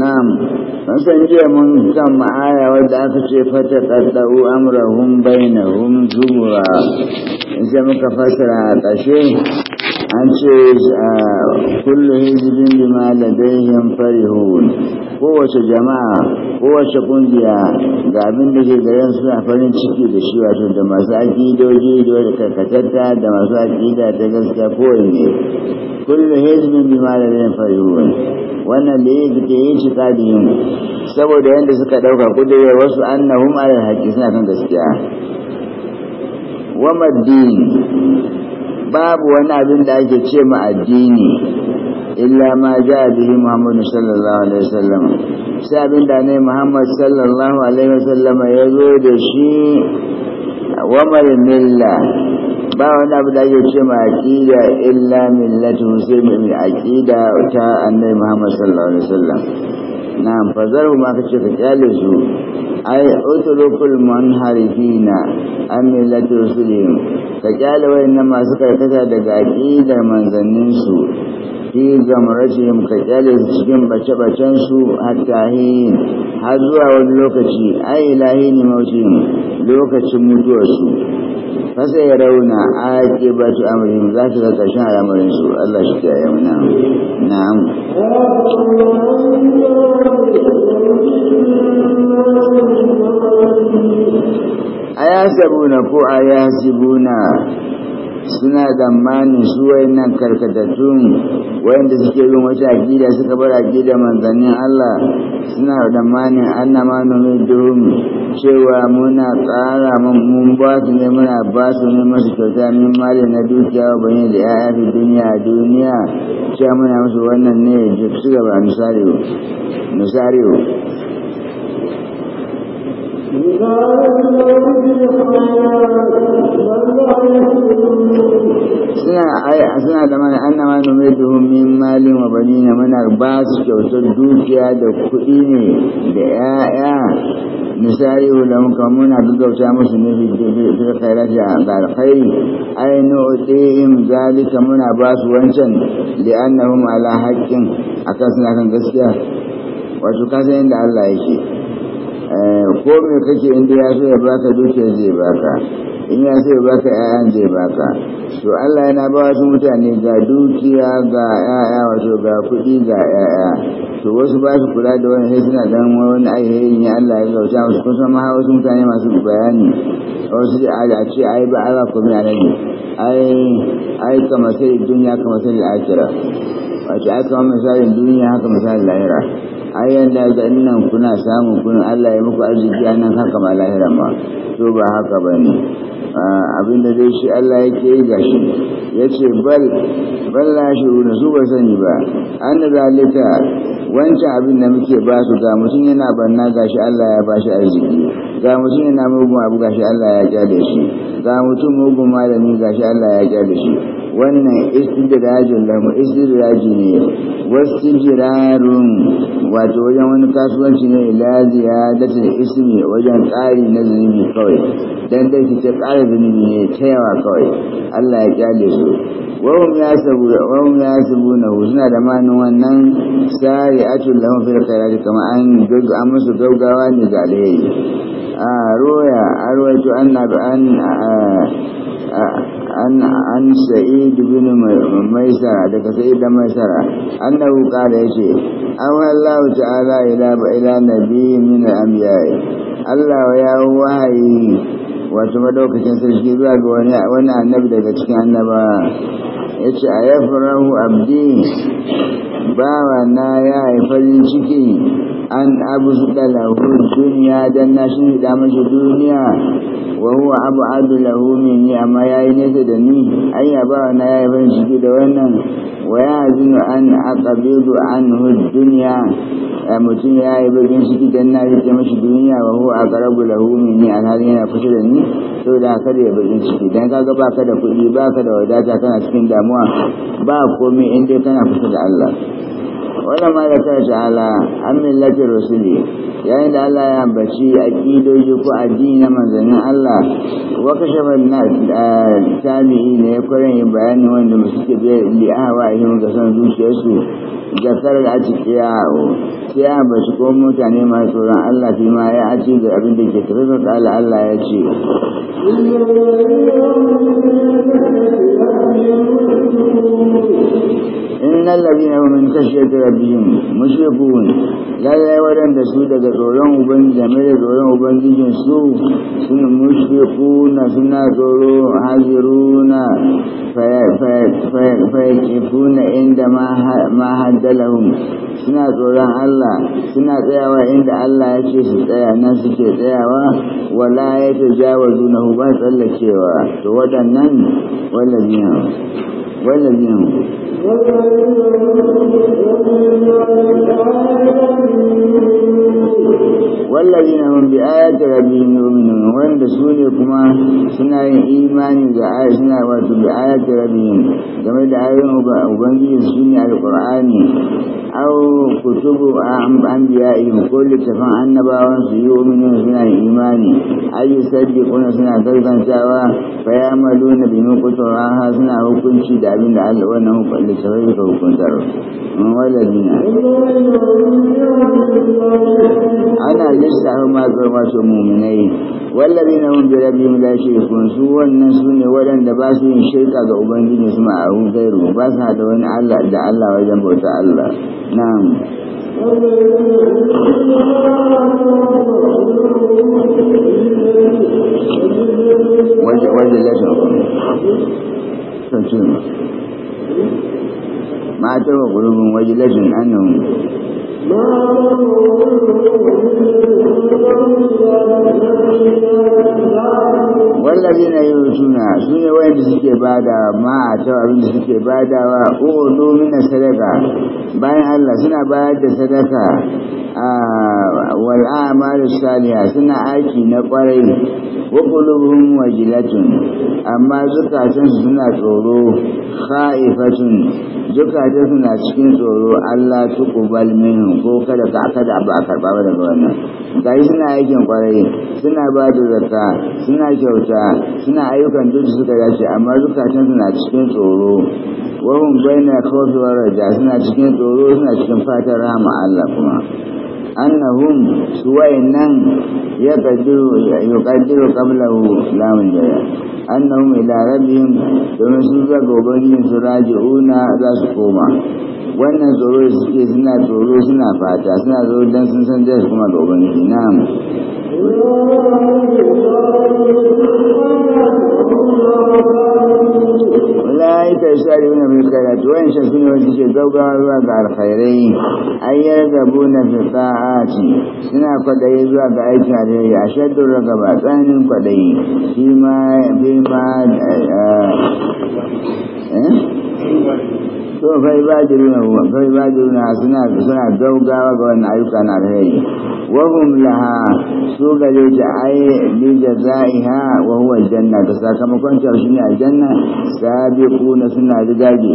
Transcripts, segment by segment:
Na'am, san jiya mun kan ma'aya wadda aka ce fata ƙaddaru amurahun bainahun zubura, sai muka fasara a ƙashe, an ce kullum hizibin bima ladayhim farihun kowace jama'a kowace ƙungiya, ga abin da ke suna farin ciki da shi wato da masu aƙidoji da karkatatta da masu aƙida ta gaskiya kowanne Kullum kullu hizbin bima ladayhim farihun wannan da yake ke yin shi tsadin saboda yadda suka dauka kudure wasu annahum alal haqqi suna kan gaskiya wa maddini babu wani abin da ake ce ma addini illa ma ja bihi Muhammadu sallallahu alaihi wasallam sai abin da ne Muhammad sallallahu alaihi wasallam ya zo da shi wa milla ba wani abu da ake ce ma aƙida illa millatu sai mai aƙida ta annabi muhammad sallallahu alaihi wasallam na fazar ma ka ce ka kyale su ai utrukul munharifina an millati rusulihim ka kyale wayannan masu karkata daga aƙidar manzannin su fi gamratihim ka kyale su cikin bace-bacen su hatta hin har zuwa wani lokaci ai ilahi ne lokacin mutuwarsu fasa ya rauna ake ba su amurin za su ga ƙarshen al'amarin su Allah shi ke yau na na'am a ya sabuna ko a ya sabuna suna tsammanin su wayannan karkatattun wayanda suke bin wata akida suka bar akida manzannin Allah suna tsammanin annama numiduhum cewa muna ƙara mun ba su ne muna ba su ne masu kyauta min mali na dukiya wa bane da ya'ya fi duniya duniya cewa muna musu wannan ne su gaba misariyo misariyo suna da mana an nama nume duhun min malin wa bani na muna ba su kyautar dukiya da kuɗi ne da 'ya'ya misali lahum muna a gaggauta musu ne fil khairati da alkhairi ay nu'tihim zalika muna ba su wancan li'annahum ala haqqin akan suna kan gaskiya wato kasa inda Allah yake eh, ko me kake inda ya so ya baka dukiyar zai baka in ya sai ba ka ‘ya'yan zai ba ka to Allah yana ba wasu mutane ga dukiya ga ‘ya'ya wato ga kuɗi ga ‘ya'ya to wasu ba su kula da wani suna dan wani ainihin ya Allah ya gauta wasu kusan ma wasu mutane masu bayani A wasu da ce ai ba ala kuma ya rage ai ai kama sai duniya kama sai al'akira wato ai kamar misalin duniya haka misalin lahira ai yanda ga nan kuna samun kun Allah ya muku arziki a nan haka ma lahiran ma to ba haka ba ne abin da zai shi Allah yake yi ga shi ya ce bal bal la shiru na su ba sani ba an da zalika wancan abin da muke ba su ga mutum yana banna ga shi Allah ya bashi arziki ga mutum yana mugun abu ga shi Allah ya kyale shi ga mutum mugun malami ga shi Allah ya kyale shi wannan istidrajin lamu istidraji ne wasu jirarun wato wajen wani kasuwanci ne ila ziyadatin ismi wajen tsari na zunubi kawai dan dai fice tsara zunubi ne ta yawa kawai Allah ya kyale su wahum ya sabu wahum ya sabu na suna da manin wannan cikin atul lahum fil khairati kama an musu gaggawa ne ga alheri روي أرويت أن أن أن عن سعيد بن ميسرة دك سعيد بن ميسرة أنه قال شيء أو الله تعالى إلى إلى نبي من الأنبياء الله يا وحي وتمدوك تنسلشي بها وانا النبي دك تكي النبا إيش أيفره أبدي باوانا يا فلن شكي an abu da lahu duniya don nashi da mashi duniya wahuwa abu abu lahu min ni amma ya yi nesa da ni an ya ba ya yi ban shi da wannan wa zinu an akabidu an duniya a mutum ya yi bakin shi ki dan nashi da mashi duniya wa hu a karabu lahu ni a halin yana fushi da ni to da ka da ya bakin shi ki dan kaga ba ka da kuɗi baka da wadata kana cikin damuwa ba komai in dai kana fushi da Allah wannan ma da ta'ala an millati rusuli yayin da Allah ya ambaci aqidoji ko addini na manzannin Allah wa na tabi'i ne ya kwarin yin bayanin wanda suke biyar li ahwa'ihim ga son zuciyarsu da tsara a ciki yawo sai ya ambaci ko mutane masu tsoron Allah fi ma ya aci ga abin da ke tafi maka Allah Allah ya ce In alladhina hum min khashyati rabbihim mushfiqun la yawadan su daga tsoron ubangiji mai da tsoron ubangiji su sun mushfiquna suna tsoro haziruna fa inda ma haddalahum suna tsoron Allah suna tsayawa inda Allah ya ce su tsaya nan suke tsayawa wala yatajawazuna ba tsallakewa to wadannan wallahi والذين والذين هم بآيات ربهم يؤمنون وعند سوريكما سنة إيمان سنة واتو بآيات ربهم كما دعاهم وبنجي سنة القرآن أو كتب أنبيائهم كل تفان أنباهم سيؤمنون سنة إيمان أي يصدقون سنة تلقى سوا فيعملون بمقتراها سنة hukunci da abin da Allah wannan littafai suka hukuntar wallazina ana lissafa ma zama su muminai wallazina hum bi rabbihim la yushrikun su wannan sune wadanda ba su yin shirka ga ubangiji su ma'arun gairu ba sa da wani Allah da Allah wajen bauta Allah na'am wajen wajen ma ta wa gurubin waje lafin annan wallazi na yi suna su ne suke bada ma a cewa wanda suke badawa ko domin sadaka bayan Allah suna bayar da sadaka wal amalu Saniya, suna aiki na kwarai wa wajilatun amma zukatun suna tsoro haifatun, zukatun suna cikin tsoro Allah tuqbal balmin ko kada ka kada ba karba ba daga wannan Gari suna aikin kwarai suna ba da zakka suna kyauta suna ayyukan duk suka dace amma zukatun suna cikin tsoro wahun hum baina khawfi wa raja suna cikin tsoro suna cikin fatan rama Allah kuma annahum su nan ya kaddiru qablahu lamun jaya annahum ila rabbihim domin sun zaga ubangijin su raji'una za su koma wannan tsoro suke suna tsoro suna fata suna tsoro don sun san su, kuma ga ubangiji na'am malaika yasari'una bil khairat wa yanshasuna wa suke gaugawa zuwa ga fi suna kwadayi zuwa ga aiki alheri ashaddu ragaba tsananin kwadayi shi ma fi ma to kai ba jiruna kai ba jiruna suna suna gaugawa ga wannan ayyuka na alheri wa hum laha su gare ta ai bi jazaiha wa huwa janna da sakamakon ta shi ne aljanna sabiquna suna rigage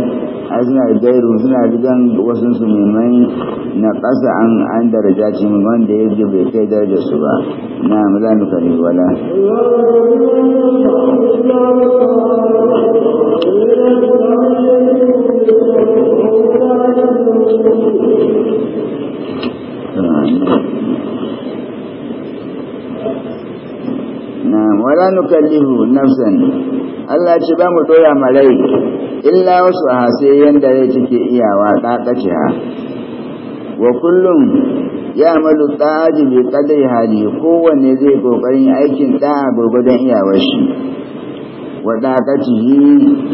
ai suna gairu suna digan wasu su mai na kasa an an daraja ce wanda ya ji bai kai daraja su ba na mulanu kare wala Thank you. wala nukallihu nafsan Allah ce ba mu doya malai illa wasu a sai yanda ya cike iyawa ha wa kullum ya malu ɗaji bi ƙadai hali kowanne zai ƙoƙarin aikin ɗa gurgudan iyawar shi wa taqatihi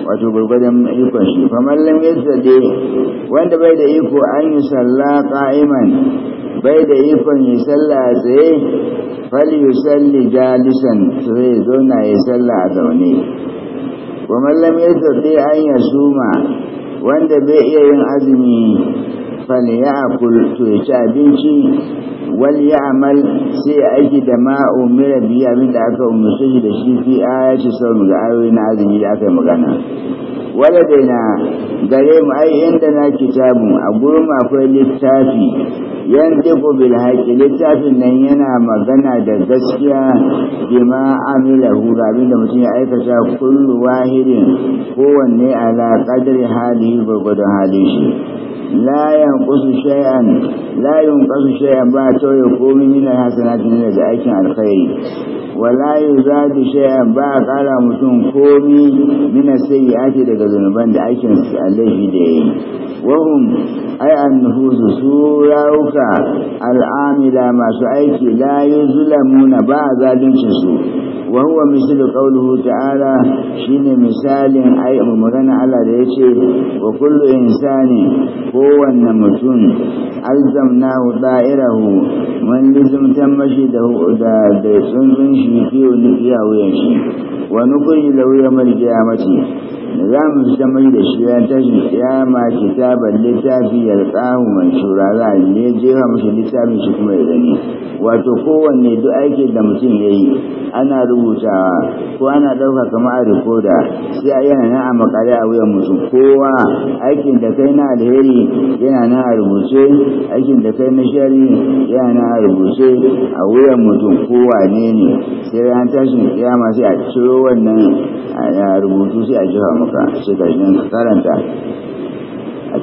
wato gurgurdan ikon shi fa mallam yasde wanda bai da iko an yi salla ƙa'iman, bai da ikon yi salla tsaye fal yusalli jalisan sai zo na yi salla a zaune wa mallam yasde an yi suma, wanda bai iya yin azumi falyakul to ya ci abinci wal ya'mal sai aiki da ma umira biyu abin da aka umarce shi da shi fi ayati saum ga ayoyi na azumi da aka yi magana wala daina gare mu ai inda na kitabu a gurin akwai littafi yantiqu bil haqqi littafin nan yana magana da gaskiya bima amilahu ga abin da mutum ya aikata kullu wahidin kowanne ala qadri halihi gurgudun halin shi la yanqusu shay'an la yanqusu shay'an ba tauye hasana min hasanatin daga aikin alkhairi wala yuzadu shay'an ba kala mutum komi ya sayyi'ati daga zunuban da aikin alaihi da yayi hum ay an nufusu su haka al'amila masu aiki la yi zulamuna ba a zalunci su وهو مثل قوله تعالى شين مثال أي أمرنا على ريشه وكل إنسان هو النمتون ألزمناه طائره من لزم تمشده ده ده ده سنسن شيكي ونكيا ويشي ونخرج له يوم القيامة نظام مستمر da shi ya كتابا لتافي يلقاه littafi ya tsahu مش لتافي a ne wato kowanne duk aikin da mutum ya yi ana rubutawa ko ana ɗauka kama a rikoda sai yana na a makare a wuyan mutum kowa aikin da kai na alheri yana na a rubuce aikin da kai na shari yana na a rubuce a wuyan mutum kowa ne ne sai ya tashin ya sai a ciro wannan rubutu sai a jiha maka karanta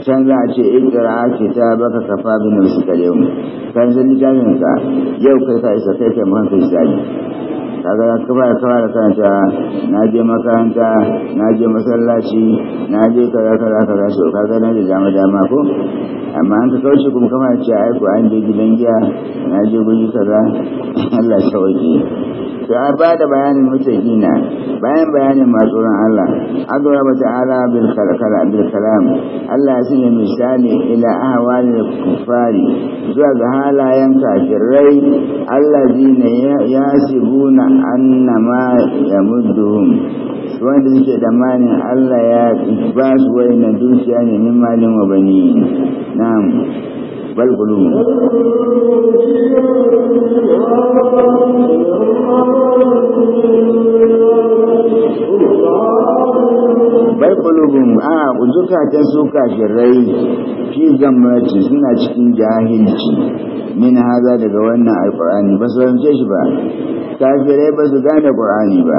a can za a ce ikira ta baka kafa bin wasu kalewu kan zan littafin ka yau kai ka isa kai kai muhankali zagi kaga ka kafa ya fara kanta na je makaranta na je masallaci na je kaza kaza kaza so kaga na da dama dama ko amma an ka kauce kuma kama ce ai ko an je gidan giya na je guji kaza Allah ya sauke to ba da bayanin mutakina bayan bayanin masu ran Allah ba ta ta'ala bil kala bil kalam Allah ya sanya misali ila da kufari zuwa ga halayen kafirai allazina yasibuna أن ما يمدهم wanda suke da malin Allah ya ba su wai na dukiya ne min malin wa bani na'am bal gulu bal qulubum a ah, zukatan su kafirai fi suna cikin jahilci min haza daga wannan Alƙur'ani, ba su rance shi ba kafirai ba su gane ƙur'ani ba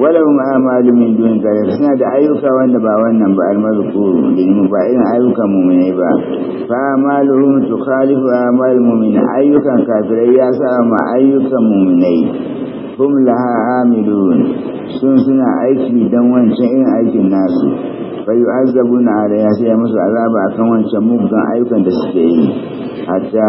wala mu amalu min dun zalika suna da ayyuka wanda ba wannan ba almazkuru din ba irin ayyukan ne ba fa amaluhum tukhalifu amal mu'min ayyukan kafirai ya sa ma ayyukan mu'minai hum laha amilun sun suna aiki dan wancan irin aikin nasu fa yu'azzabuna alayha sai musu azaba akan wancan mugun ayyukan da suke yi hatta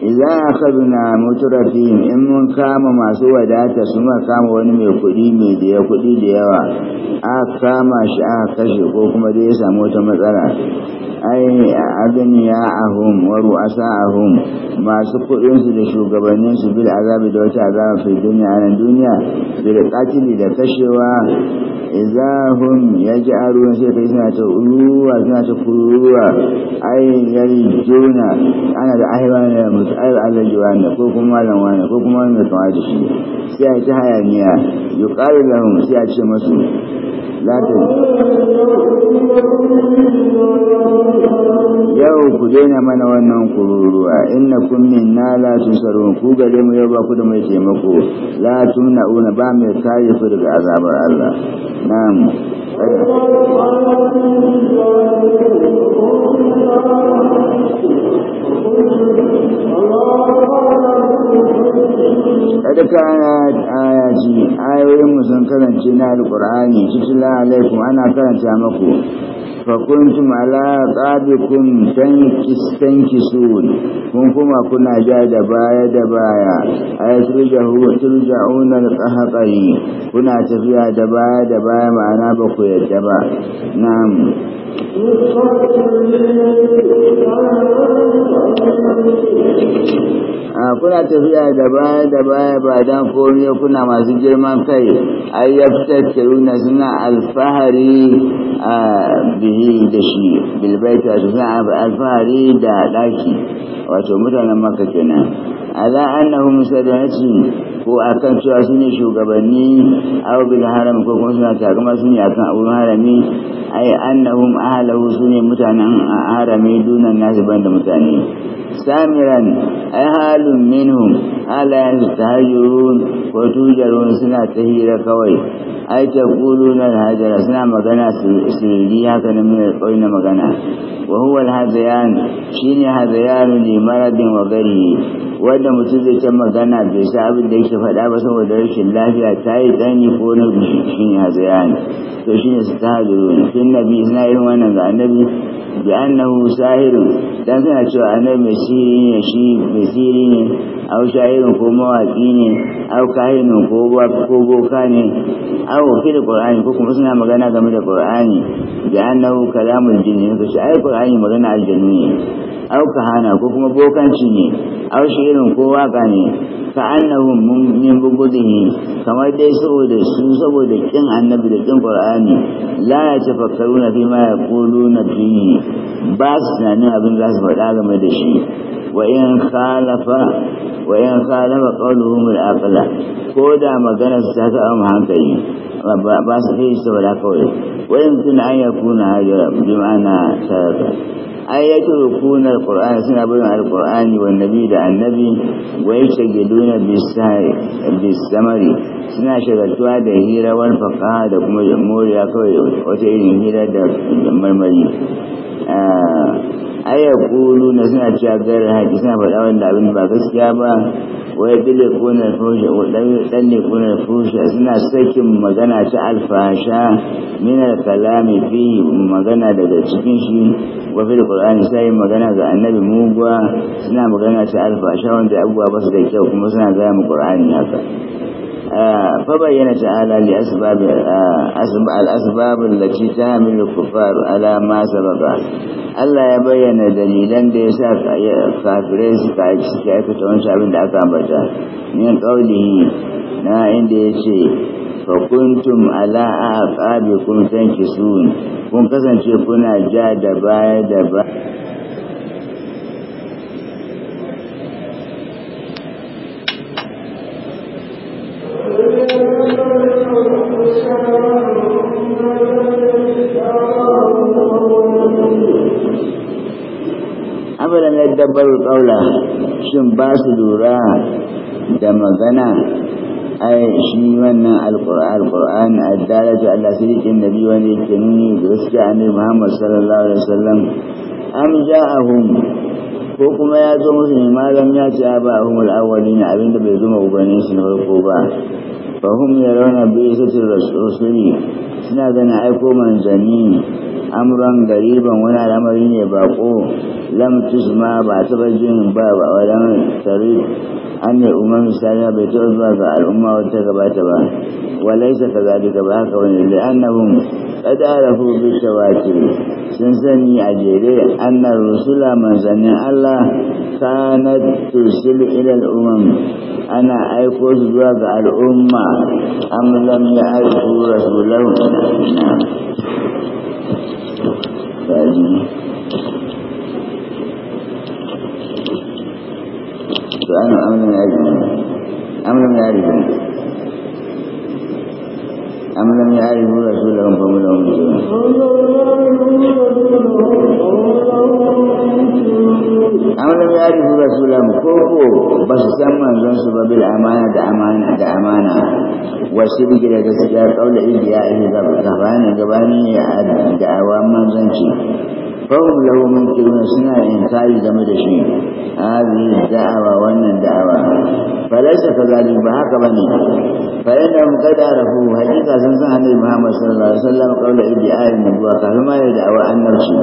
iza akhadna mutrafin in mun kama masu wadata su ma kama wani mai kuɗi mai da ya kudi da yawa a kama shi a kashe ko kuma dai ya samu wata matsala ai agniya ahum wa ru'asa ahum masu kuɗin su da shugabannin su bil azabi da wata azaba fi dunya nan duniya bil qatili da kashewa iza hum ruwan sai kai suna ta ruwa suna ta kuruwa ai juna. ana da da ne alaji wani ko kuma malam wani ko kuma wani mai kama da shi sai a ci hayaniya yi ƙari lahun sai a ce masu latin yau ku daina mana wannan kururuwa inna kun min na latin sarun ku gare mu yau ba ku da mai taimako latin na'una ba mai kare su daga azabar allah na'am Thank you. Allah kada kana ayoyin mu sun karance na alqur'ani kitla alaikum ana karanta maku fa kuntum ala qabikum tankis kun kuma kuna ja da baya da baya ayatrujahu turja'un alqahqani kuna tafiya da baya da baya ma'ana ba ku yadda ba na'am Thank you. kuna tafiya da baya da baya ba dan komai kuna masu girman kai ai yaftakiruna suna alfahari a bihi da shi bilbaita suna alfahari da daki wato mutanen maka kenan ala annahum sadati ko akan cewa sune shugabanni aw bil haram ko kuma suna takama su akan abun harami ai annahum ahlahu su mutanen harami dunan nasu banda mutane samiran ai halun minhum halayen su ko tujarun suna ta hira kawai ai ta kuluna hajara suna magana su yi haka na mai na magana wa huwa al-hadayan shine hadayan limaradin wa gari da mutum zai ta magana bai sa abin da yake faɗa ba saboda rashin lafiya ta yi tsani ko na shi ne hatsaya ne to shi ne su ta hajjuru ne fin nabi suna irin wannan ga annabi bi annahu sahirin dan suna cewa annabi mai siri ne shi mai ne au shahirin ko mawaƙi ne au kahinin ko ko boka ne au fi da qur'ani ko kuma suna magana game da qur'ani bi annahu kalamul jinni ne to shi ai qur'ani magana aljanu ne au hana ko kuma bokanci ne au irin ko waka ne ka annahum min bugudihi kamar dai saboda su saboda kin annabi da kin qur'ani la yatafakkaruna fi ma yaquluna fihi ba su tunanin abin za su faɗa game da shi wa in khalafa wa in khalafa qawluhum al-aqla ko da magana su ta ga hankali ba su kai saboda kawai wa in tun an hajara bi ma'ana sarata ayatul kuna alqur'ani suna barin alqur'ani wa nabi da annabi wa yashghiluna bi bisamari suna shagaltuwa da hira wal da kuma moriya kawai wata irin hira da marmari ayakulu ah, na suna cewa gairar haƙi suna faɗa wanda abin ba gaskiya ba waya gile kunar fushe waɗanda ɗan ne kunar fushe suna sakin magana ta alfasha minar kalami fi magana daga cikin shi wafi da ƙwararri ta magana ga annabi muguwa suna magana ta alfasha wanda abubuwa ba su da kyau kuma suna gaya mu ƙwararri haka fa bayyana ta alali asibabin da ci ta hamilu kufar alama sababa Allah ya bayyana dalilan da ya sa kafirai suka aiki suka aikata wancan abin da aka ambata min qawlihi na inda ya ce fa kuntum ala aqabikum tankisun kun kasance kuna ja da baya da baya faru ƙaula shin ba su lura da magana ai shi wannan alƙur'an addalatu Allah sirikin nabi wani ke nuni da gaskiya annabi Muhammad sallallahu alaihi wasallam am ja'ahum ko kuma ya zo musu ne malam ya ce ba humul awwalin abinda bai zuma ubanin su na farko ba fa hum yarawna bi isati rasuli suna ganin aiko manzanni amran gariban wani al'amari ne bako lam tusma ba taɓa jin ba a wajen tare an ne umar misali bai taɓa zuwa ga al'umma wata gabata ba Walai walaisa ka zalika ba haka wani da annabin ƙadarafu bi tawatir sun sani a jere annar rusula manzannin Allah kanat tursil ila al'umam ana aiko su zuwa ga al'umma am lam ya'rifu rasulahu Thank you. ana yari ne amalin yari ne amalin koko ba san manzon su ba bil amana da amana da amana wasu rigi da gaskiya kaula ibiya ihu zafanin gabanin ya da awa manzanci fahim lahu munkirun suna inkari game da shi hadhihi da'awa wannan da'awa falaysa kadhalik ba haka bane fayar da mu kaida da ku hakika sun san annabi muhammad sallallahu alaihi wasallam kaula ibdi'ai ne zuwa kalma ya da wa annabi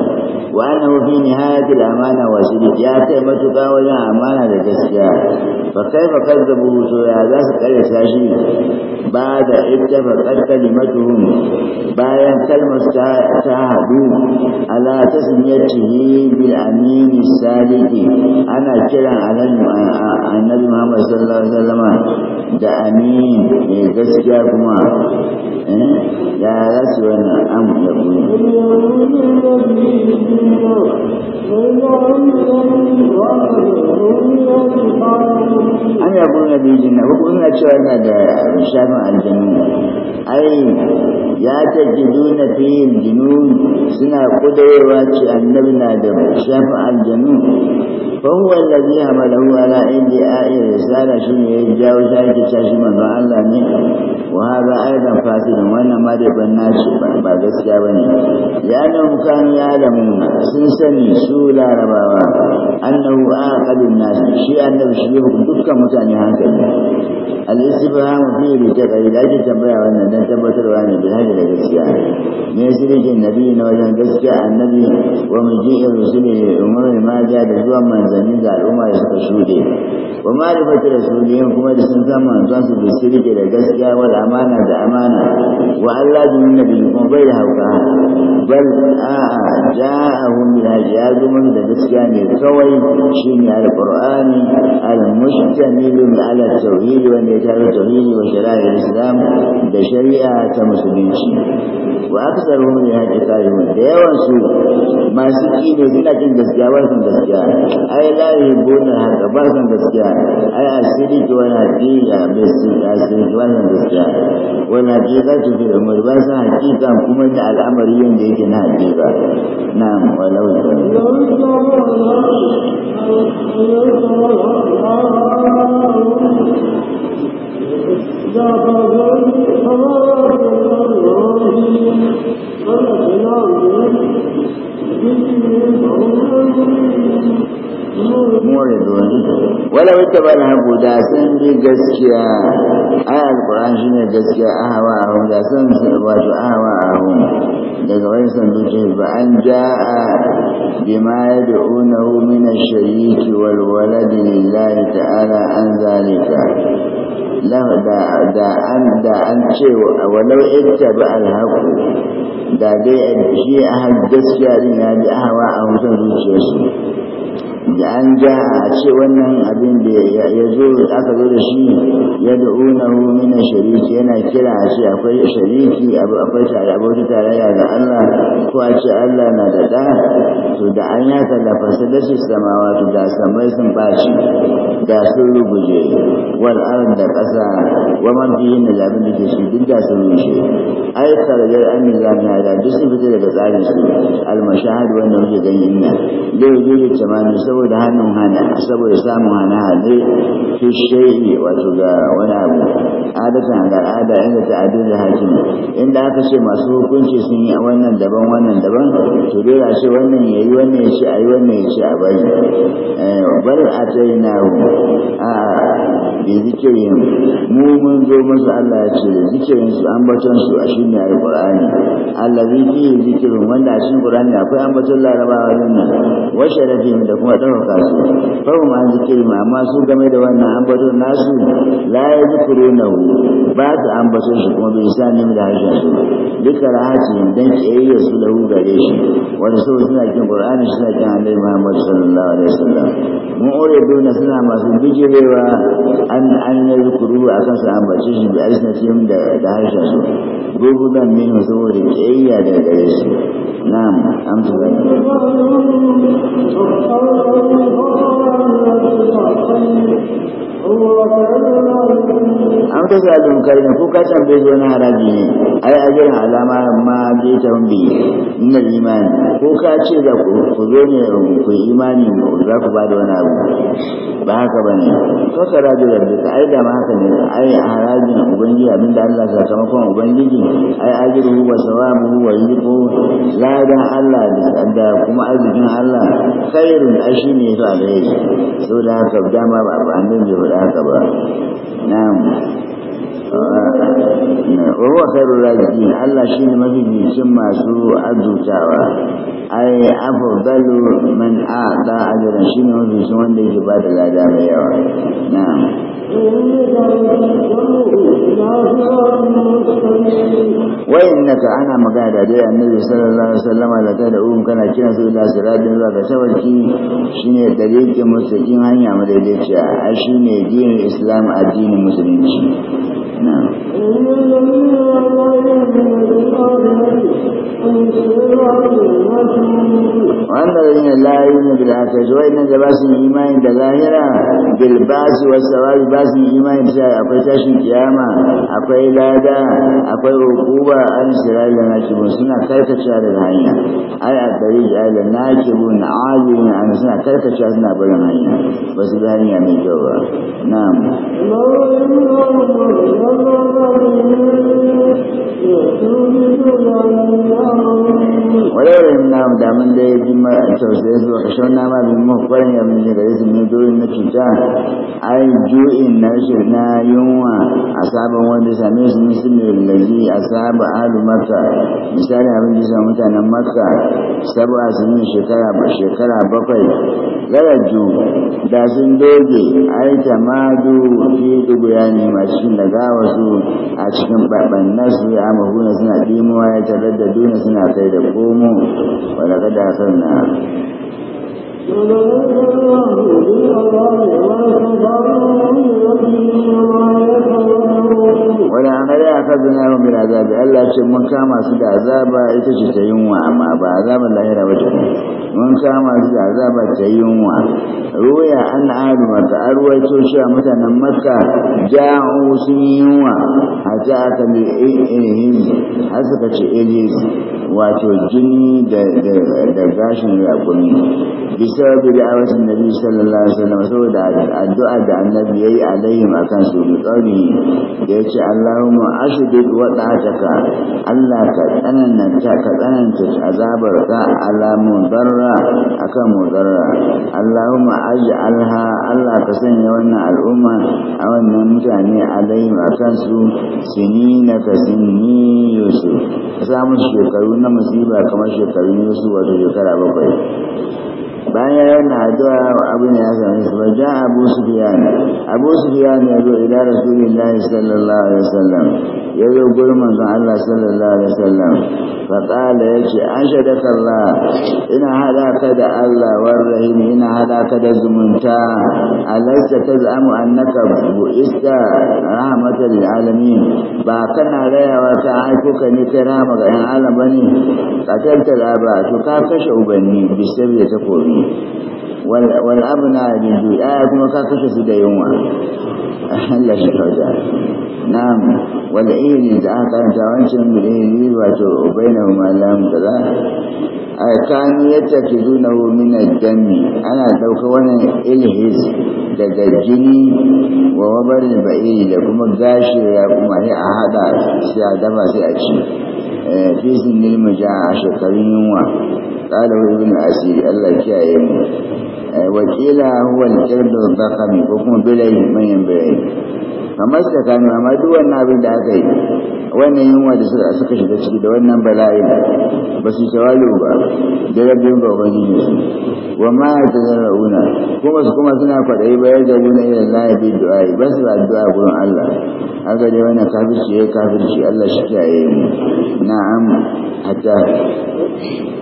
wa annahu fi nihayatil amana wa sidq ya ce matuka wajen amana da gaskiya fa kai fa kazzabu so ya za su kare shi ba da ita fa kaddali matuhum bayan kalmar ta hadu ala tasmiyati bil amin salih ana kiran annabi muhammad sallallahu alaihi wasallam da amin eh gaskiya kuma eh, ya za su wannan an kuma an ya kuma na biyu jinna ko kuma cewa yana da shafin aljanna ai ya ta gidu na fiyin jinu suna kudayewa ce annabi na da shafin aljanu فهو الذي حمله على عند آئر رسالة shi يجاوز هذه تشاشي Allah ne. وهذا أيضا فاسد وأنا ما ربا الناس بعد السابني لأنهم كانوا يعلمون سنسني سولا لا رباوا أنه آخذ الناس شيئا يشبهكم دكا متاني هكذا الاستفهام فيه بتقعي لا تتبع وأن لن تبتر وأن بهذه الجسيا يسرج النبي وجن جسيا النبي ومجيء الرسل أمر ما جاء بزوان من زميد الأمة يستشهده wa ma'rifati rasulihim kuma da sun samu manzon su da shirke da gaskiya wa amana da amana wa Allah jin nabi kuma bai da hauka bal a ja'ahum bil hajazu mun da gaskiya ne kawai shine alqur'ani al-mustamil ala tauhid wa ne tare tauhid wa shari'a islam da shari'a ta musulunci wa aksaruhum li hadithihim da yawan su masu kine suna jin gaskiya ba san gaskiya ai la yuhibuna haka ba san gaskiya أي السيري ولا حقيقة بس السيري ولا بسيا ولا حقيقة في الأمور بس حقيقة كم ده الأمر يندي كنا حقيقة نعم ولو Thank you. more wala wata ba na haku da san bi gaskiya ayar Alƙuran shi ne gaskiya a hawa a hun da san sun ba su a hun daga wani sanduce ba an ja a bima ya da una min shariki walwala da lillahi ta'ala an zalika da an da an ce walau ita ba alhaku da dai a shi a gaskiya ne na bi a hawa a hutun zuciyarsu Da an ja a ce wannan abin da ya zo aka zo da shi ya da'una mina shariki yana kira a ce akwai shariki akwai tare abokin tarayya ga Allah ko a ce Allah na da da to da an ya kallafa sadashi samawa to da samai sun baci da sun ruguje wal ard da ƙasa wa man fihi na labin da ke shi duk da sun rushe ai karajar Amina na da duk sun fita daga tsarin su al mashahad wanda muke ganin nan da yau yau saboda saboda hannun hana saboda samun hana hane fi shehi wato ga wani abu adatan ga al'ada inda ta adil da hakim inda aka ce masu hukunci sun yi wannan daban wannan daban to dole a ce wannan ya yi wannan ya ce a yi wannan ya ce a bari eh, bal a ta yi na a bi zikirin mu mun zo masu Allah ya ce zikirin su ambaton su a shine alqur'ani allazi yi zikirin wanda a cikin qur'ani akwai ambaton larabawa wannan wa sharafin da kuma yawan karatu babu ma zikiri ma amma su game da wannan ambato nasu la ya zikuru na hu ba su ambato shi kuma bai sa ne da harshen su duka rahaci dan kiyayya su da gare shi wani so suna kin qur'ani suna kin annabi Muhammadu sallallahu alaihi wasallam mu ore dona suna masu bijirewa an an zikuru akan su ambace shi da alsanatihim da harshen su gugudan min saboda kiyayya da gare su Nam Antwerp. Thank an kashe a dunkar ne ko kashe bai zo na haraji ne ai ajiyar alama ma geta bi na imani ko ka ce za ku zo ne ku imani za ku ba da wani abu ba haka ba ne raji da rabbika ai da ma haka ne ai a harajin ubangiji abinda Allah kuma ubangiji ai ajiru wa sawabu wa ko ladan Allah da kuma arzikin Allah khairun ashi ne zuwa gare shi saboda haka dama ba annabi ya haka ba na'am wa raji allah shi Allah mafi mafificin masu azutawa ai afdalu man shi ne mafi mafificin wanda yake ba da lada mai yawa na'am wa innaka ana magana da dai annabi sallallahu alaihi wasallama da ta da um kana kina su ila siratin zuwa ga tawarki shine dariqin mustaqim hanya madaidaiciya ai shine dinin islam addinin musulunci No. wannan yin ne da bil akhirah wai nan da ba su imani da lahira bil basi wasu sawabi ba su imani da akwai tashin kiyama akwai lada akwai hukuba an siral na kibun suna karkacewa daga hanya ai a dari ala na kibun azimi an suna karkacewa suna barin hanya ba su bi hanya mai kyau ba na'am Thank you. wadda yau yin namu damun da ya ji mara tausa ya zuwa ƙashon na ma bin mafi kwarin ya mun da ya zama na cuta ai ju'in na shi na yunwa a sabon wanda same su sun yi lalazi a sabon alu maka misali abin da mutanen maka sabo a sun yi shekara bakwai garaju da sun doge ai tamadu fi dubu ya ne masu shi daga a cikin babban nasu ya mahuna suna ɗimuwa ya tarar da duniya suna sai da komo wadda ka dasar na Thank wani an gari a kazin yaron bin azabi Allah ce mun kama su da azaba ita ce ta yunwa amma ba azabar lahira ba ce mun kama su da azaba ta yunwa ruya an adu mata an ruwaito shi a mutanen makka ja'u sun yunwa hatta aka ne ihim har suka ce ilis wato jini da gashin raƙumi bisabi da awasin nabi sallallahu alaihi wasallam saboda addu'a da annabi yayi alaihim akan su bi qawli yace allahumma asbid wa taqaka allah ka tsananta ka tsananta azabar ka ala mudarra akan mudarra allahumma aj'alha allah ka sanya wannan al'umma a wannan mutane alaihim akan su sinina ka sinni yusuf samu shekaru na musiba kamar shekaru yusuf wato shekara bakwai bayan ya na addu'a wa ne ya same su ba ja abu ne abu ne ya zo ila rasulillahi sallallahu alaihi wasallam ya zo gurin manzon Allah sallallahu alaihi wasallam fa ya ce an shadaka Allah ina haɗaka da Allah war ina haɗaka da zumunta alaysa tazamu annaka bu'ista rahmatan lil alamin ba kana rayawa ta aikuka ne ta rama ga yan alam bane qatalta ba to ka kashe ubanni bisabi da takobi wal abna bi du'a kuma ka kashe su da yunwa Allah shi kauda na'am wal ne da aka karanta wancan ne wato ubaina ma lam kaza akani yattakidunahu min dami ana dauka wannan ilhis daga jini wa wabar ba'iri da kuma gashi ya kuma sai a hada sai a dafa sai a ci eh, mu ja a shekarun yunwa qala ibn asiri Allah kiyaye mu eh, wakila huwa al-irdu al-baqami ko kuma bilayi manyan bilayi. kamar kano, amma duk wannan abin da aka yi wannan yunwa da suka shiga ciki da wannan bala'in ba su tawalu ba da rabin ba ubangiji su wa ma ya tazarrauna kuma su kuma suna kwaɗayi ba yadda guna irin layabi bi du'ai ba su addu'a gurin Allah haka dai wannan kafirci ya kafirci Allah shi kiyaye mu na'am hatta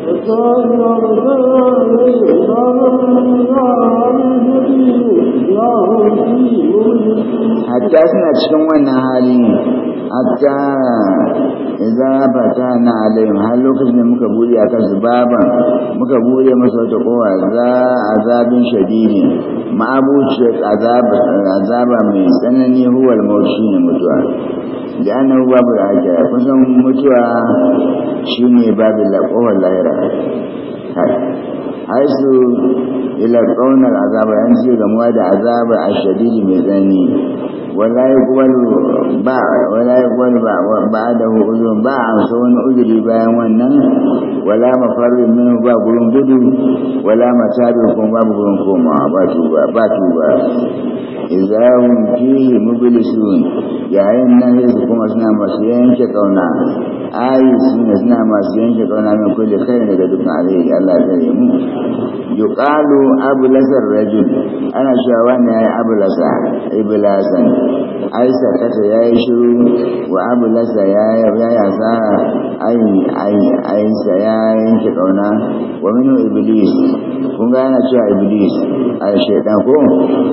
وَقَالَ رَبُّنَا إِنَّا نَرْجُو hatta suna cikin wannan hali a hatta idza fatana alaihim har lokacin da muka buri a kansu baban muka buri masa wata kowa za azabin shadidi ma'abuciyar azaba mai tsanani huwal maushi ne mutuwa da annabu babu da kusan mutuwa shi ne babu la kowar lahira haisu ila tsaunar azaba yan ce gamuwa da azabar a shadidi mai tsani wala yuqbalu ba wala yuqbalu ba ba'dahu uzrun ba a so wani ujiri bayan wannan wala mafarrin min ba gurin gudu wala matabin kuma babu gurin koma ba tuba ba tuba izahum fihi mublisun yayin nan sai kuma suna masu yanke kauna ayi suna suna masu yanke kauna min kulle kai daga dukkan alheri Allah ya kare mu yuqalu abulasar rajul ana cewa wannan yayi abulasa iblasan Aisha kata ya yi shiru wa abulasa ya yi sa ayin ya yanke ƙauna wa minu iblis kun yana cewa iblis a shaidan ko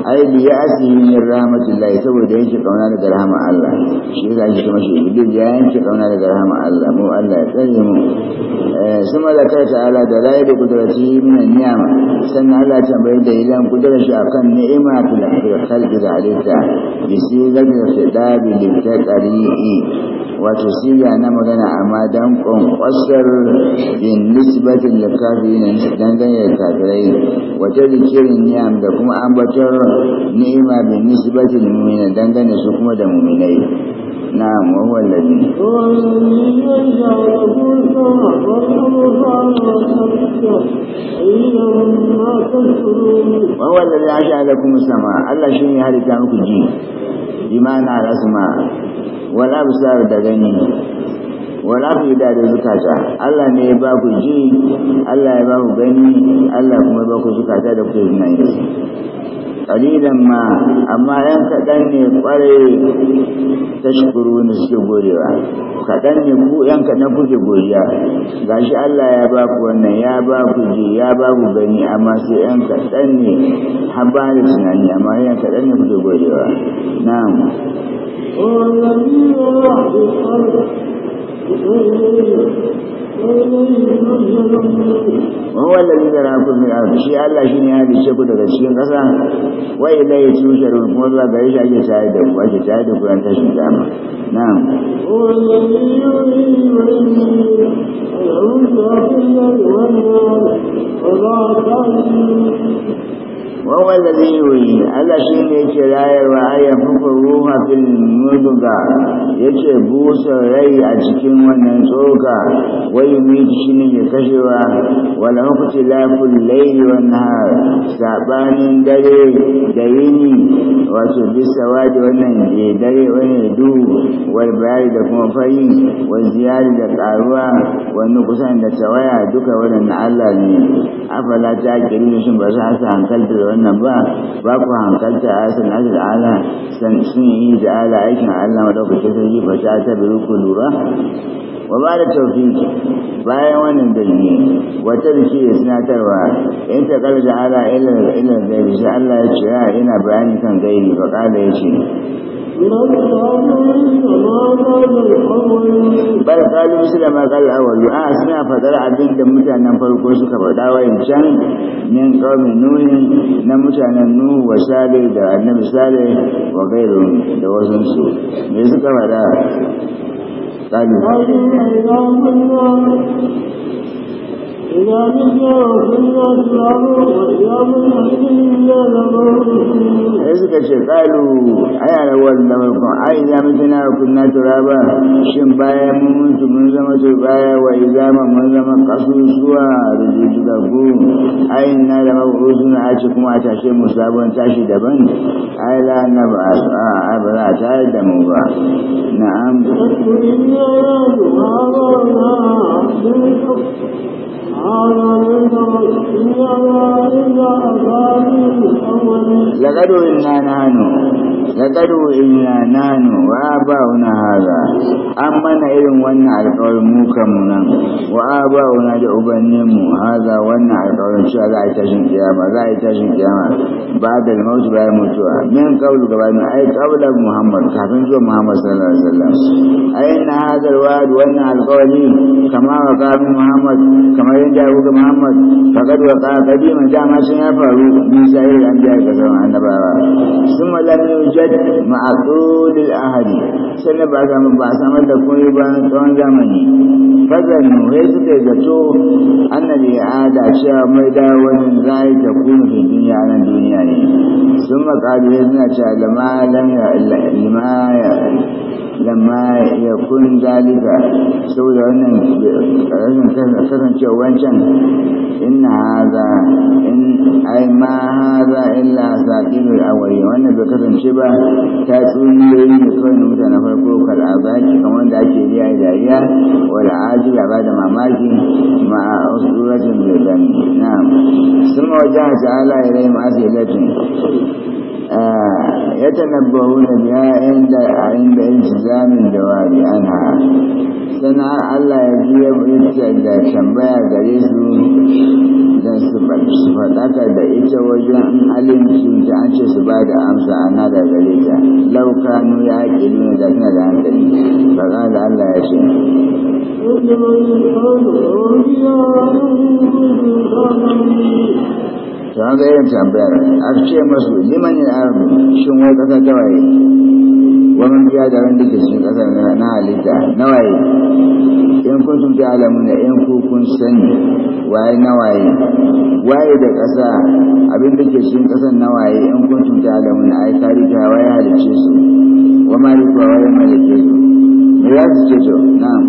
ai bi ya asihi min rahmatullahi saboda yake kauna daga rahama Allah shi ga shi kuma shi iblis ya yanke kauna daga rahama Allah mu Allah ya tsare mu eh, sama da kai ta'ala da rayu da kudrati min niyama sannan Allah ta bayar da ilan kudrar shi akan ni'ima da khalqi da halitta bi sigar da shaidabi lil taqri'i wato siga na magana amma don kwankwasar bin nisbatin da kafirin dangane da kafirai wata zikirin niyam da kuma ambatar ni'ima da nisbatin mumina dangane su kuma da muminai na'am wa huwa alladhi ya huwa alladhi aja'ala lakum sama Allah shi shine ya halitta muku ji imana da suma wala bisar da gani wala ku da da zukata Allah ne ya ba ku ji Allah ya ba ku gani Allah kuma ya ba ku zukata da kuke tunani qalilan ma amma yan kaɗan ne kwarai tashkuru ne suke gorewa kaɗan ne ku yan kaɗan kuke godiya gashi Allah ya ba ku wannan ya ba ku ji ya ba ku gani amma sai yan kaɗan ne har ba da tunani amma yan kaɗan ne kuke gorewa na'am Oh, wallazi da raku mai abu shi Allah shi ne halice ku daga cikin ƙasa wa ila ya ci wuce rufin kuma zuwa gare shi ake shayar da ku ake shayar da ku an tashi dama na wọ́n lẹ́bí ìròyìn aláṣí ní ṣe láyé wa ayé púpọ̀ roma fílì nígbà ya ce búhùsàn rai a cikin wannan tsoka wani miji shi ne ya kashe wani hukuci lafin laili wannan har dare da yini wato bisa wadi wannan ya dare wani du wani bayani da kuma fari wani ziyari da karuwa wani kusan da tsawaya duka wannan allah ne afala ta kiri shi ba za su hankalta da wannan ba ba ku hankalta a yasan ajal ala san sun yi da ala aikin Allah madaukakin sarki ba ta ta biru ku lura wa ba da bayan wannan dalili wata biki ke sinatarwa in ta kar da ala ila ila Allah ya ce ina bayani kan gairi ba kada ya ce bar kalu su da magayi awalu a suna fadar abin da mutanen farko suka faɗa can, min kawai nuhin na mutanen nuhu wa sale da annabi sale wa gairun da wasan su. me suka faɗa kalu sai suka ce ƙalu a yarawar da mafi ayi za mu tana kun na turaba shin bayan mun mutu mun zama su baya wa izama mun zama kasu zuwa da jiji da ku ayi na da mafi suna kuma a tashe mu sabon tashi daban ayi la na ba a abara da mu ba na'am لقد وإنا نحن laƙaru ina nanu wa ba wuna haza an mana irin wannan alƙawarin mu kanmu nan wa ba da ubannin mu haza wannan alƙawarin cewa za a yi tashin kiyama za a yi kiyama ba da mautu bayan mutuwa min kawul gaba ne ai kawulan muhammad kafin zuwa muhammad sallallahu alaihi wasallam ai na hazar wa wannan alƙawari kama wa kafin muhammad kamar yadda ya ga muhammad fakadu wa kafin kadima dama sun ya faru nisa yin an biya ga zama annabawa sun malamin jari al ahadi sannan ba mu ba samar da kun ba tsawon zamani mu sai suka yi zato annabi ada cewa mai da wani zai ta kuma fi duniya nan duniya ne sun makalu sai suna cewa lama lam ya lama ya lama ya kun zalika saboda wannan kasancewa wancan in haza in ai ma haza illa saqibul awwali wannan bai kasance ba ta tsuniyoyi ne kawai na mutane farko kal azaki kamar da ake riya dariya wala azi ya bada mamaki ma usuratin bai dan na'am sun wajen sa'ala ya rai ma su ya tanabbahu na biya'in da a inda yin zamin da wari ana sana Allah ya ji ya da tambaya gare su da su faɗaka da ita wajen shi da an ce su ba da amsa a na da gare ta lauka nu ya haƙi ne da suna da hankali faɗa da Allah ya ce ta ga irin tambayar a ce masu limanin arabu shin wai ƙasa ta waye ومن في هذا من عندك الشيء أثر نالك نوعي إن كنتم تعلمون إن كنتم سني وأي نوعي وأي دك أسا أبنك الشيء أثر نوعي إن كنتم تعلمون أي تاريخها وأي هذا الشيء وما لك وأي ملك الشيء ya suke jiro na'am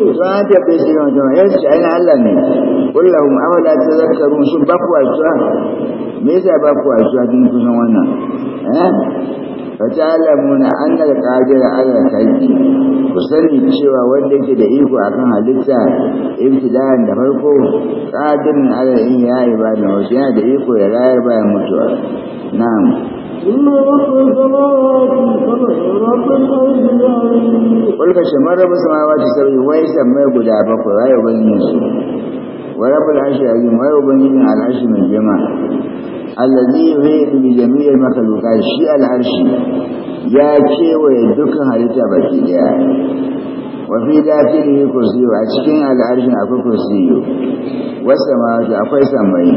sun tafi shi ne mutum ya ce aina Allah ne kullum amala ta zakaru shin ba ku aishuwa me yasa ba ku aishuwa kin kusan wannan eh wata alamuna an da kajira allah sarki ku cewa wanda yake da iko akan halitta ibtidayan da farko kadirin allah in ya yi bayan wasu yana da iko ya rayar bayan mutuwa na'am Kulka shi mara ba sama ba ta sauri wai san mai guda bakwai wai ubangiji su. Wai rabu da ashe yaji wai ubangijin al'ashi mai jama'a. allazi yuhiti jami'il makhluqat shi al'arshi ya kewaye dukkan halitta baki daya wa fi dakilihi kursiyu a cikin al'arshin akwai kursiyu wasu mawata akwai sammai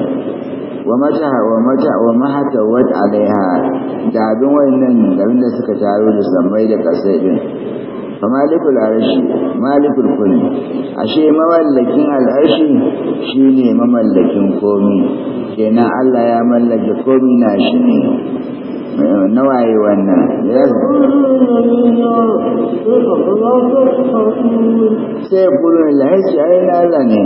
wa mata wa mata wa mahata alaiha da abin wannan garin da suka taru da sammai da kasai din fa malikul arshi malikul kulli ashe mamallakin al'arshi shine mamallakin komi kenan Allah ya mallake komi na shi ne Na waye wannan sai kulun lahaisi a yin Allah ne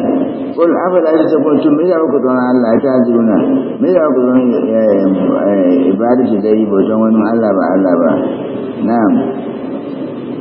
kul afala shi ta kuntum mai da kuka tsoron Allah ta juna, mai da kuka tsoron eh, eh, ibada shi zai yi bautan wani Allah ba Allah ba na'am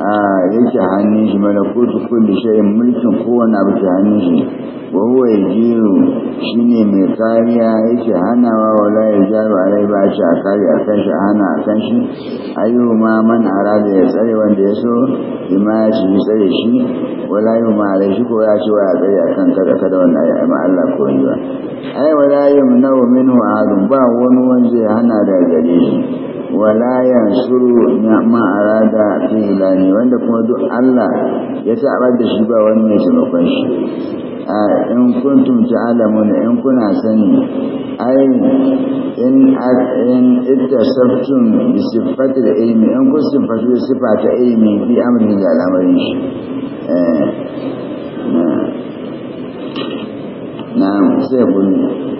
yake hannun shi malakutu kulli shay'in mulkin kowane abu ke hannun shi wa huwa yajiru shine mai kariya yake hanawa wala yajaru alai ba shi a kari a kan shi hana a kan shi ayu ma man arada ya tsare wanda ya so ima ya ci tsare shi wala yu ma alai shi ko ya ci wa ya tsare a kan kada kada wanda ya ma Allah ko yi ba ai wala yu minhu ba wani wanda ya hana daga gare shi wala yansuru ma arada fihila ne wanda kuma duk Allah ya taɓa da shi ba wani mai taimakon shi a in kuntum ta'lamuna in kuna sani ai in in ittasaftum bi sifatil ilmi in kun sifatu sifata ilmi bi amrin da al'amarin shi eh, eh. na sai kun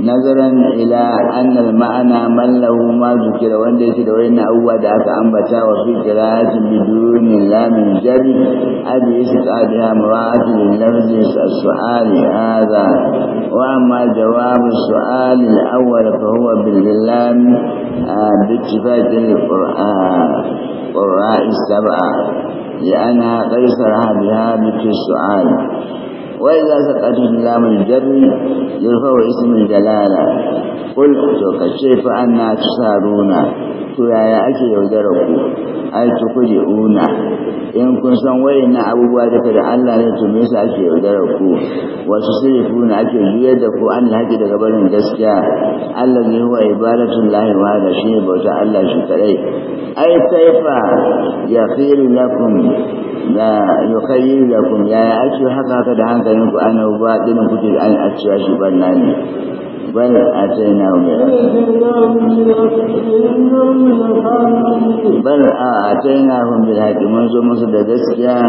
nazarin ila annal ma'ana man lahu ma zukira wanda yake da wayannan abubuwa da aka ambata wa fi qira'atin bidun lamin jari abi isqa biha mura'atin lafzi as-su'al haza, wa amma jawab as-su'al al-awwal fa huwa bil lam ah, bi ittifaqi al-qur'an qurra'i sab'a لأنها قد صرح بها بك السؤال wai za su ƙarfi lamun jarri ya fawo ismin jalala ƙulƙa to ka ce fa'an to yaya ake yaudarar ku ai to je una in kun san wayan na abubuwa daga da Allah ne to me yasa ake yaudarar ku wasu ku na ake juyar da ku an haƙi daga barin gaskiya Allah ne huwa ibaratun lahi wa da shi bauta Allah shi kadai ai taifa, ya khiru lakum da yukhayyiru lakum yaya ake haka haka da ku ana ba dinin kuke an a ciya shi banna ne بل أتيناهم بل أتيناهم بالحق منذ مصد دسكيا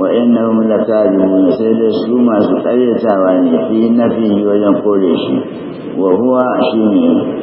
وإنهم لكاذبون سيد السلوما سقريتا وأن في نفيه وجن قوليش وهو شيني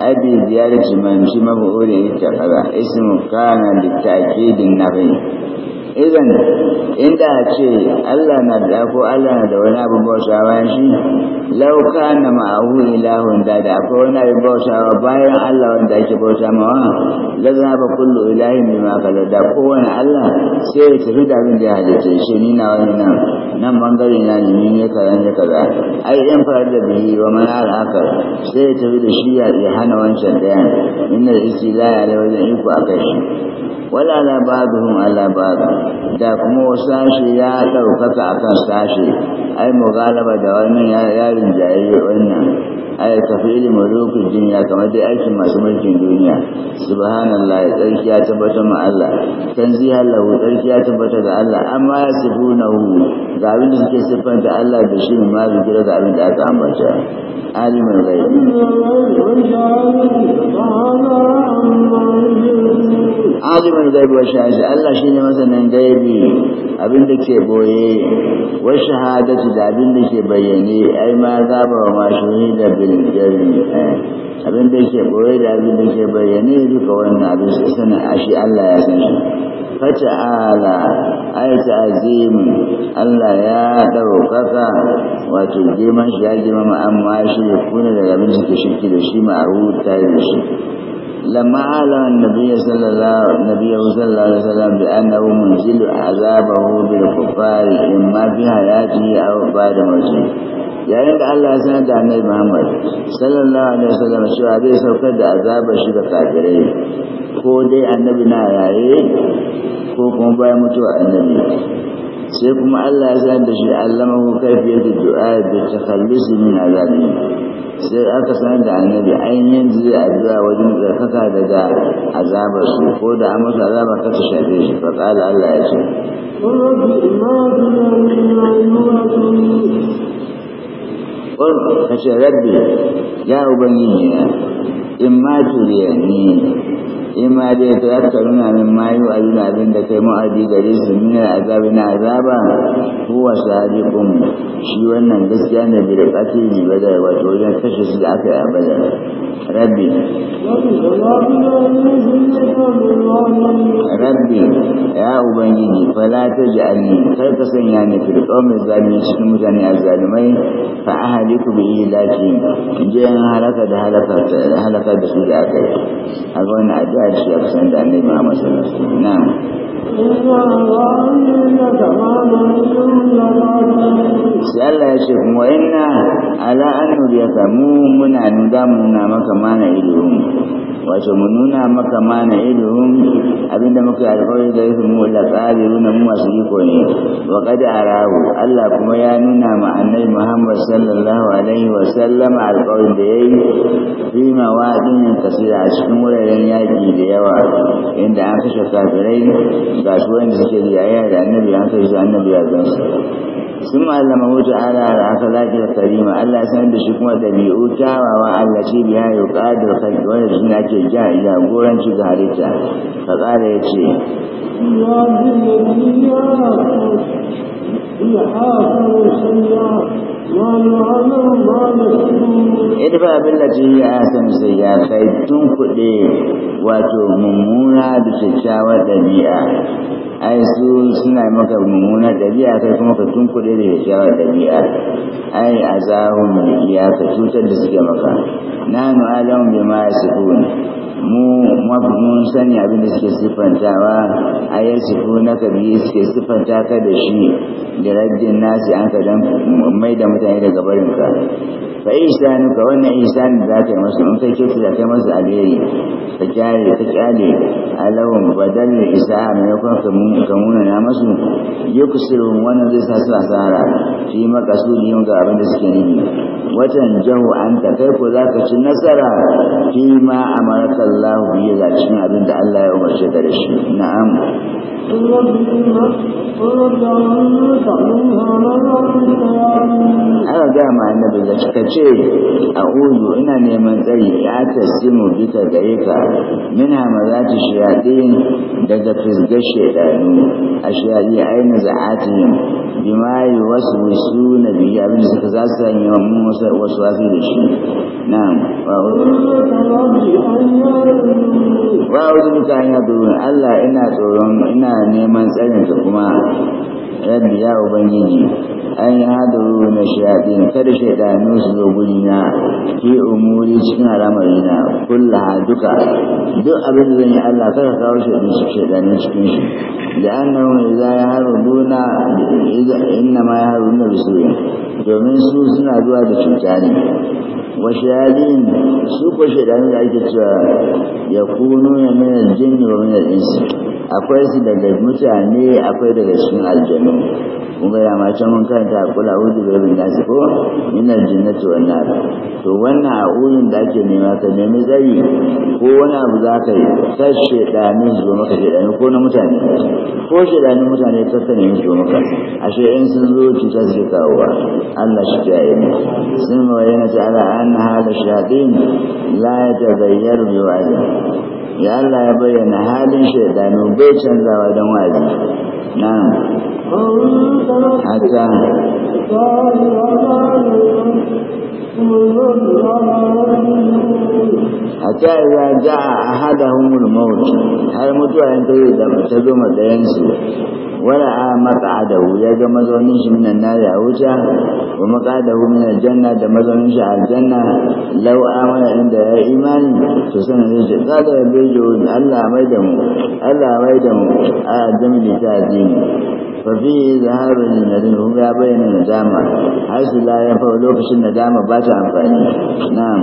أبي زيادة من شمه أولي اتخذ اسم كان للتأكيد النبي idan inda ce Allah na da ko Allah na da wani abin bautawa shi lauka na ma'ahu ilahun da da akwai wani abin bautawa bayan Allah wanda ake bauta mawa lazana zaba kullu ilahin bima kala da kowane Allah sai ya tafi da abin da ya halitta shi ni na wani nan nan bangare na ni ne kaza ne kaza ai 'yan farar da bihi wa man alaka sai ya tafi da shi ya hana wancan daya inna istila da wajen iko a kai. wala la ba'dhum ala ba'd da kuma sashi ya ɗaukaka a kan sashi ai mugalaba galaba da wani yarin jayayi wannan ai tafili mulukin duniya kamar dai aikin masu mulkin duniya subhanallah ya tsarki ya tabbata ma Allah tanziha lahu tsarki ya tabbata ga Allah amma ya hu ga abin da suke siffanta Allah da shi ma bi kira da abin da aka ambata alimul ghaib alimul ghaib wa shahid Allah shine masanin gaibi abin da ke goye wa shahadatu da abin da ke bayyane ai ma zaba wa mashuhi da bil gari eh. abin da ke goye da abin da ke bayyane duka wannan abin su sanin ashi Allah ya san shi ta ala ai ta'zim Allah ya daukaka wato girman shi ya girma amma shi kuna da abin da ke shirki da shi ma'ruf ta da shi لما أعلم النبي صلى الله النبي صلى الله عليه وسلم بأنه منزل عذابه بالكفار إما في حياته أو بعد موته yayin da Allah ya sanar da Annabi Muhammad sallallahu alaihi wasallam cewa zai saukar da azabar shi ga kafirai ko dai Annabi na raye ko kuma bayan mutuwa Annabi sai kuma Allah ya sanar da shi allamahu kayfiyatu du'a bi takhallus min azabi sai aka sanar da annabi ainihin zai addu'a wajen tsarkaka daga azabar su ko da an masa azabar kasa shafe shi fa Allah ya ce ka ce rabbi ya ubangiji na in ma turiya ni إما دي تذكرون مما ما يؤذن أذن لك مؤدي قريس من العذاب عذابا هو صادقكم شيء أن برقاتي بدأ وتوجد كشف العكا أبدا ربي ربي ya ubangiji fala ta ji alli kar ka sanya ni fil mai zalimin cikin mutane azzalimai fa ahliku bi ilaki in je an halaka da halaka da halaka da aka da akai a ga shi addu'a ce a kusan da annabi Muhammad sallallahu na sai Allah ya ce kuma inna ala an nuriyaka mu muna nuna maka mana ido wato mu nuna maka mana ilimin abinda muka yi alkawari da yake mu la qabiru mu masu iko ne wa da arahu Allah kuma ya nuna ma annabi Muhammad sallallahu alaihi wa sallama alkawarin da yayi fi mawadin kasira a cikin wuraren yaki da yawa inda an kashe kafirai ga su wanda suke da da annabi an kashe annabi a gansu sun allama wuce ala al'asalati da karima Allah san da shi kuma ɗabi'u kyawawa Allah shi biya ya ƙadar kai wanda shi na ke jagoranci ga halitta ka ƙara ya ce da billati ya san sai ya kai tun kuɗe wato mummuna da kyakkyawar ɗabi'a ai su suna maka mummunar dabi'a kai kuma ka tunkuɗe da kyakkyawar dabi'a ai azahum iyaka cutar da suke maka nanu alamu bima yasifun mu mun sani abin da suke siffantawa a yi sifu na kabi suke siffanta ka da shi da rajin nasi an ka dan mai da mutane daga barin ka fa ihsanu ka wannan ihsani za ka yi masu in kai kyautu da kai masu alheri ka kyale ka kyale alawun badal isa a maimakon ka muna na masu yi kusurwa wannan zai sa su asara fi makasudin ga abin da suke nufi watan jahu an ta kai ko za ka ci nasara fi ma amarka Allah biyu ga cikin abin da Allah ya umarce da shi na'am aka ga ma annabi da ka ce a uzu ina neman tsari ya tasimu bita gare ka mina ma za ta shiyadin daga fisgar shaidanu a shiyadi aina za'atihim bima yi wasu wasu na biyu abin da suka za su sanya mun wasu wasu da shi na'am wa a'udhu bika an yadur Allah ina tsoron ina neman tsarin kuma rabbi ya ubangiji an yi hadaru na shayaɗi kada shaiɗanu su zo gurina fi umuri cikin al'amarina kulla duka duk abin da zan yi Allah kada kawo shaiɗan su shaiɗanu cikin shi da za annahu idza yaharubuna inna ma yaharubuna bisuya domin su suna zuwa da cuta ne wa shayaɗin su ko shaiɗanu da ake cewa ya kuno ya min al-jinni wa min akwai su daga mutane akwai daga cikin aljanu Kuma ga ma can mun karanta kula uzu da rabbin nasu ko min jinnatu wannan to wannan a'udun da ake nema ka nemi zai ko wani abu za ka yi ta shedanin zo maka ni ko na mutane ko shedanin mutane ta ta nemi zo maka ashe in sun zo cuta su wa Allah shi yi mu sun wa yana ala an hada shadin la ya bi wa'adin ya Allah ya bayyana halin shaidanu bai canzawa don wazi na hatta hatta ya ja a hada humul mawut har mutuwa yanzu ta yi da ta zo matsayansu wala maq'adahu ya ga mazaunin shi minan nar ya wuta wa maq'adahu minal janna da mazaunin shi aljanna law amana inda ya imani to sanan zai ce kada ya bejo Allah mai da mu Allah mai da mu a jami'i ta dini fafi zaharun nadin hun ya bayyana nadama har su la ya fa lokacin nadama ba ta amfani na'am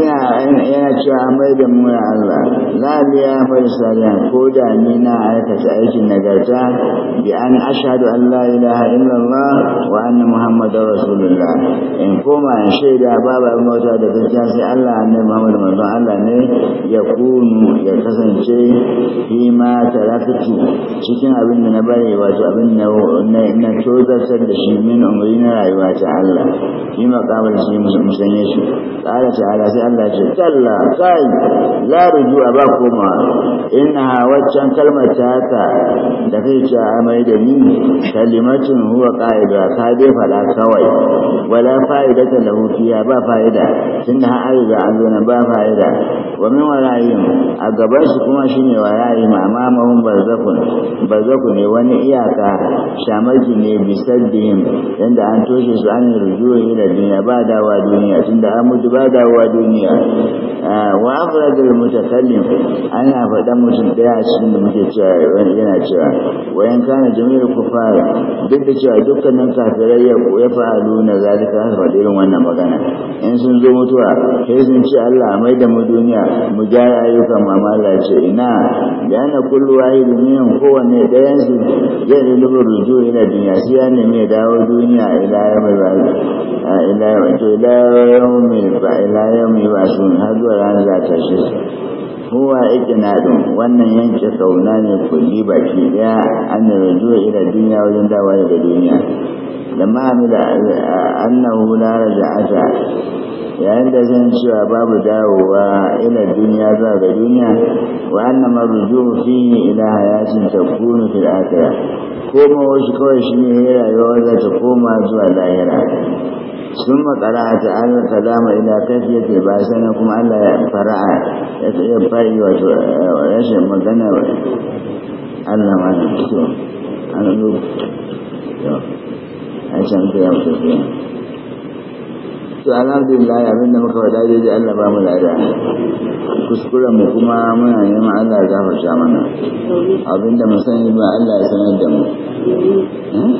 yana cewa mai da mura Allah za a biya fari sariya ko da ni na aikata aikin nagarta bi an ashadu allah la ilaha illallah wa anna muhammadar rasulullah in koma in shaida babu abin bauta da gaskiya sai Allah annabi muhammad manzon Allah ne ya kunu ya kasance fi ma cikin abin da na bari wato abin da na tozartar da shi min umri na rayuwa ta Allah fi maqam abin da mu musulmi su qala ta'ala sai Allah ce kalla kai la ruju ba kuma innaha waccan kalmar ta ta da kai ce a amai da ni kalimatin huwa qaida ka dai fada kawai wala fa'idata lahu fiha ba fa'ida tunda har an riga an zo ba fa'ida wa min wara'in a gaban su kuma shine wara'i ma amamahum barzakun barzaku ne wani iyaka shamaki ne bisaddihim yanda an toshe su an rujuwa ila dunya ba ba dawa duniya tunda an mutu ba dawa duniya ah, wa akhrajal mutakallim ana fada mutum daya cikin da muke cewa yana cewa wayan kana jami'ul kufar duk da cewa dukkanin kafirai ya fa'alu na zalika haka irin wannan magana in sun zo mutuwa sai sun ce Allah mai da mu duniya mu gyara ayyukan mamala ce ina da yana kullu wahidin minhum kowanne dayan su zai da nufin duniya sai ya nemi ya dawo duniya ila ya mai ba ah, ila kelayar yawmi ba yawmi ba su har zuwa ranar zata shi kowa ike na ɗin wannan yanke sauna ne kulli ba ke ɗaya an da mai ila duniya wajen dawa daga duniya da mu ma'amila annan hula raja aza yayin da zan cewa babu dawowa ila duniya zuwa ga duniya wa annan marujo fi yi ila hayatin takunu fil akira komawa shi kawai shi ne ya rayuwa za ta koma zuwa lahira ثم قرأ تعالى الكلام إلى كيفية باسنا كما ألا يبقي ويشم مكانا ألا ما نكتو أنا نوب عشان كي أمسك فيها to alhamdulillah abin da muka wada daidai Allah ba mu lada kuskuren mu kuma muna neman Allah ya gafarta mana abin da mu sani ba Allah ya sanar da mu eh?